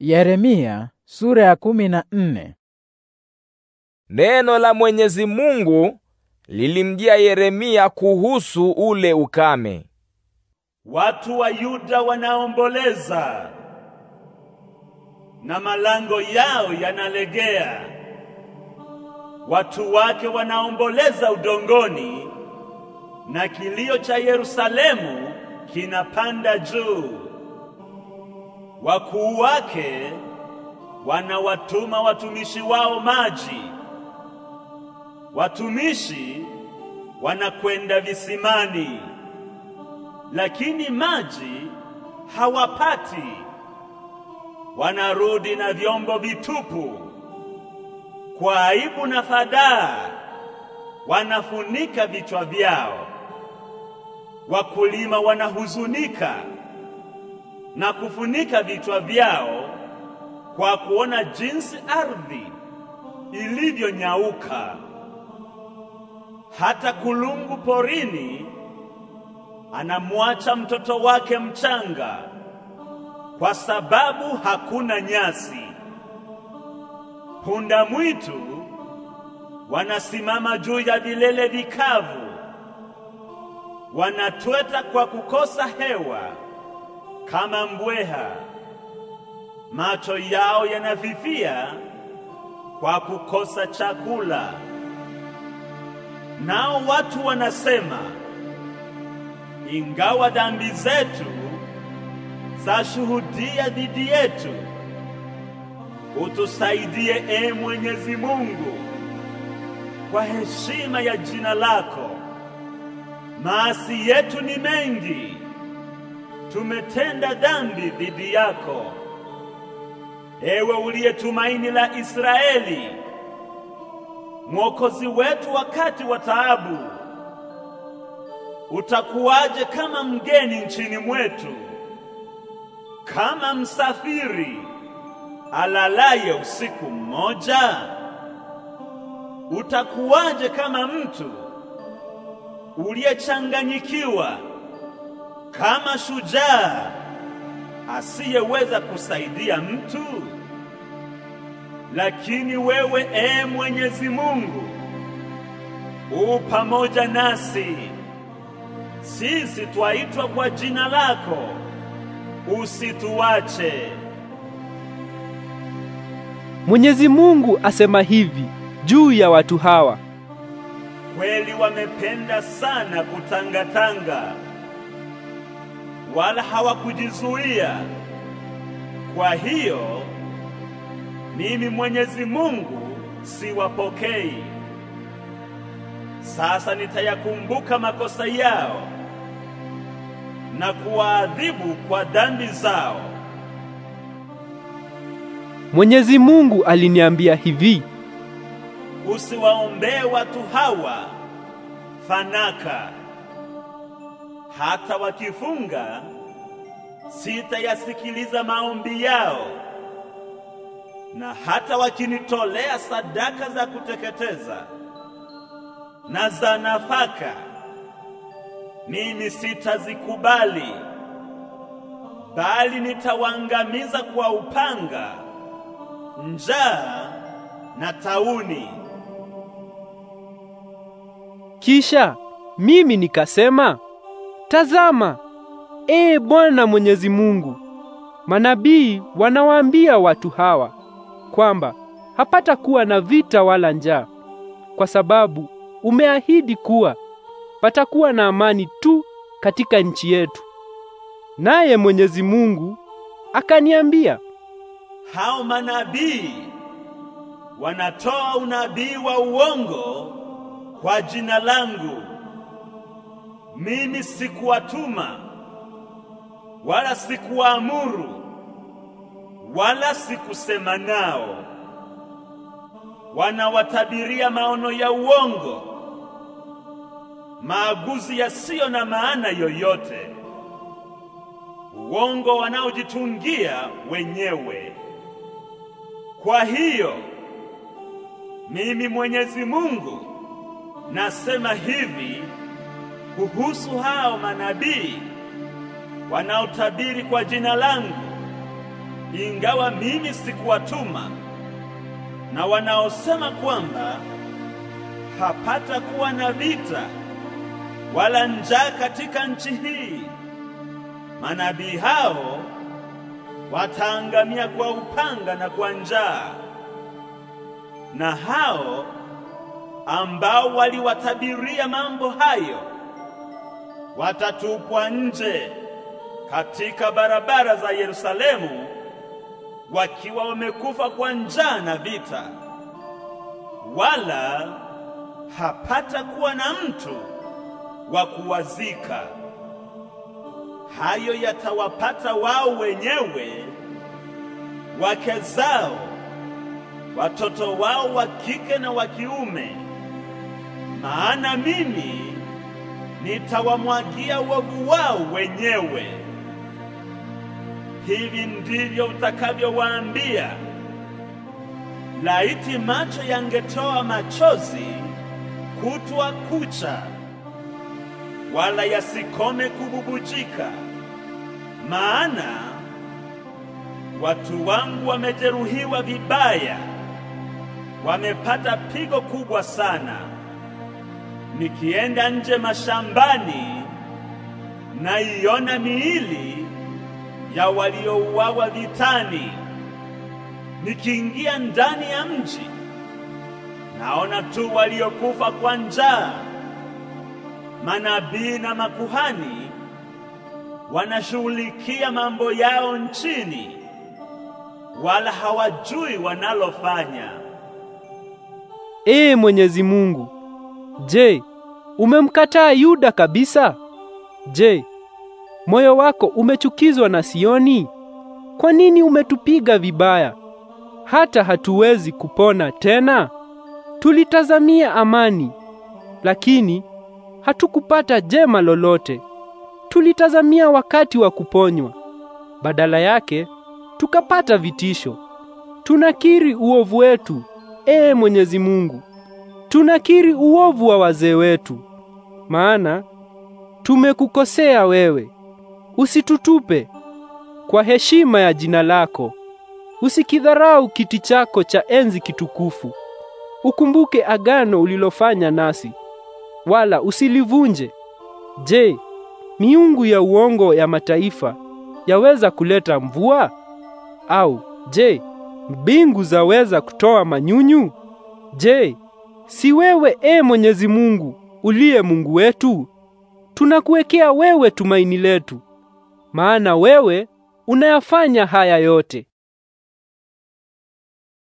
Yeremia sura ya kumi na nne. Neno la Mwenyezi Mungu lilimjia Yeremia kuhusu ule ukame. Watu wa Yuda wanaomboleza na malango yao yanalegea. Watu wake wanaomboleza udongoni na kilio cha Yerusalemu kinapanda juu wakuu wake wanawatuma watumishi wao maji, watumishi wanakwenda visimani, lakini maji hawapati. Wanarudi na vyombo vitupu. Kwa aibu na fadhaa wanafunika vichwa vyao. Wakulima wanahuzunika, na kufunika vichwa vyao kwa kuona jinsi ardhi ilivyonyauka. Hata kulungu porini anamwacha mtoto wake mchanga kwa sababu hakuna nyasi. Punda mwitu wanasimama juu ya vilele vikavu, wanatweta kwa kukosa hewa kama mbweha, macho yao yanafifia kwa kukosa chakula. Nao watu wanasema, ingawa dhambi zetu zashuhudia dhidi yetu, utusaidie e Mwenyezi Mungu kwa heshima ya jina lako. Maasi yetu ni mengi tumetenda dhambi dhidi yako. Ewe uliye tumaini la Israeli, Mwokozi wetu wakati wa taabu, utakuwaje kama mgeni nchini mwetu, kama msafiri alalaye usiku mmoja? Utakuwaje kama mtu uliyechanganyikiwa kama shujaa asiyeweza kusaidia mtu. Lakini wewe ee Mwenyezi Mungu u pamoja nasi, sisi twaitwa kwa jina lako, usituache. Mwenyezi Mungu asema hivi juu ya watu hawa: kweli wamependa sana kutangatanga wala hawakujizuia. Kwa hiyo mimi Mwenyezi Mungu siwapokei. Sasa nitayakumbuka makosa yao na kuwaadhibu kwa dhambi zao. Mwenyezi Mungu aliniambia hivi: usiwaombee watu hawa fanaka hata wakifunga sitayasikiliza maombi yao, na hata wakinitolea sadaka za kuteketeza na za nafaka, mimi sitazikubali, bali nitawaangamiza kwa upanga, njaa na tauni. Kisha mimi nikasema Tazama, e Bwana Mwenyezi Mungu, manabii wanawaambia watu hawa kwamba hapata kuwa na vita wala njaa, kwa sababu umeahidi kuwa patakuwa na amani tu katika nchi yetu. Naye Mwenyezi Mungu akaniambia, hao manabii wanatoa unabii wa uongo kwa jina langu mimi sikuwatuma wala sikuwaamuru wala sikusema nao, wanawatabiria maono ya uongo, maaguzi yasiyo na maana yoyote, uongo wanaojitungia wenyewe. Kwa hiyo mimi Mwenyezi Mungu nasema hivi kuhusu hao manabii wanaotabiri kwa jina langu, ingawa mimi sikuwatuma, na wanaosema kwamba hapata kuwa na vita wala njaa katika nchi hii. Manabii hao wataangamia kwa upanga na kwa njaa, na hao ambao waliwatabiria mambo hayo watatupwa nje katika barabara za Yerusalemu wakiwa wamekufa kwa njaa na vita, wala hapata kuwa na mtu wa kuwazika. Hayo yatawapata wao wenyewe, wake zao, watoto wao wa kike na wa kiume, maana mimi nitawamwagia uovu wao wenyewe. Hivi ndivyo utakavyowaambia, laiti macho yangetoa machozi kutwa kucha, wala yasikome kububujika, maana watu wangu wamejeruhiwa vibaya, wamepata pigo kubwa sana nikienda nje mashambani naiona miili ya waliouawa vitani, nikiingia ndani ya mji naona tu waliokufa kwa njaa. Manabii na makuhani wanashughulikia mambo yao nchini, wala hawajui wanalofanya. Ee Mwenyezi Mungu, Je, umemkataa Yuda kabisa? Je, moyo wako umechukizwa na Sioni? Kwa nini umetupiga vibaya hata hatuwezi kupona tena? Tulitazamia amani, lakini hatukupata jema lolote. Tulitazamia wakati wa kuponywa, badala yake tukapata vitisho. Tunakiri uovu wetu, Ee Mwenyezi Mungu tunakiri uovu wa wazee wetu, maana tumekukosea wewe. Usitutupe kwa heshima ya jina lako, usikidharau kiti chako cha enzi kitukufu. Ukumbuke agano ulilofanya nasi, wala usilivunje. Je, miungu ya uongo ya mataifa yaweza kuleta mvua? Au je, mbingu zaweza kutoa manyunyu? Je, Si wewe e Mwenyezi Mungu uliye Mungu wetu? Tunakuwekea wewe tumaini letu, maana wewe unayafanya haya yote.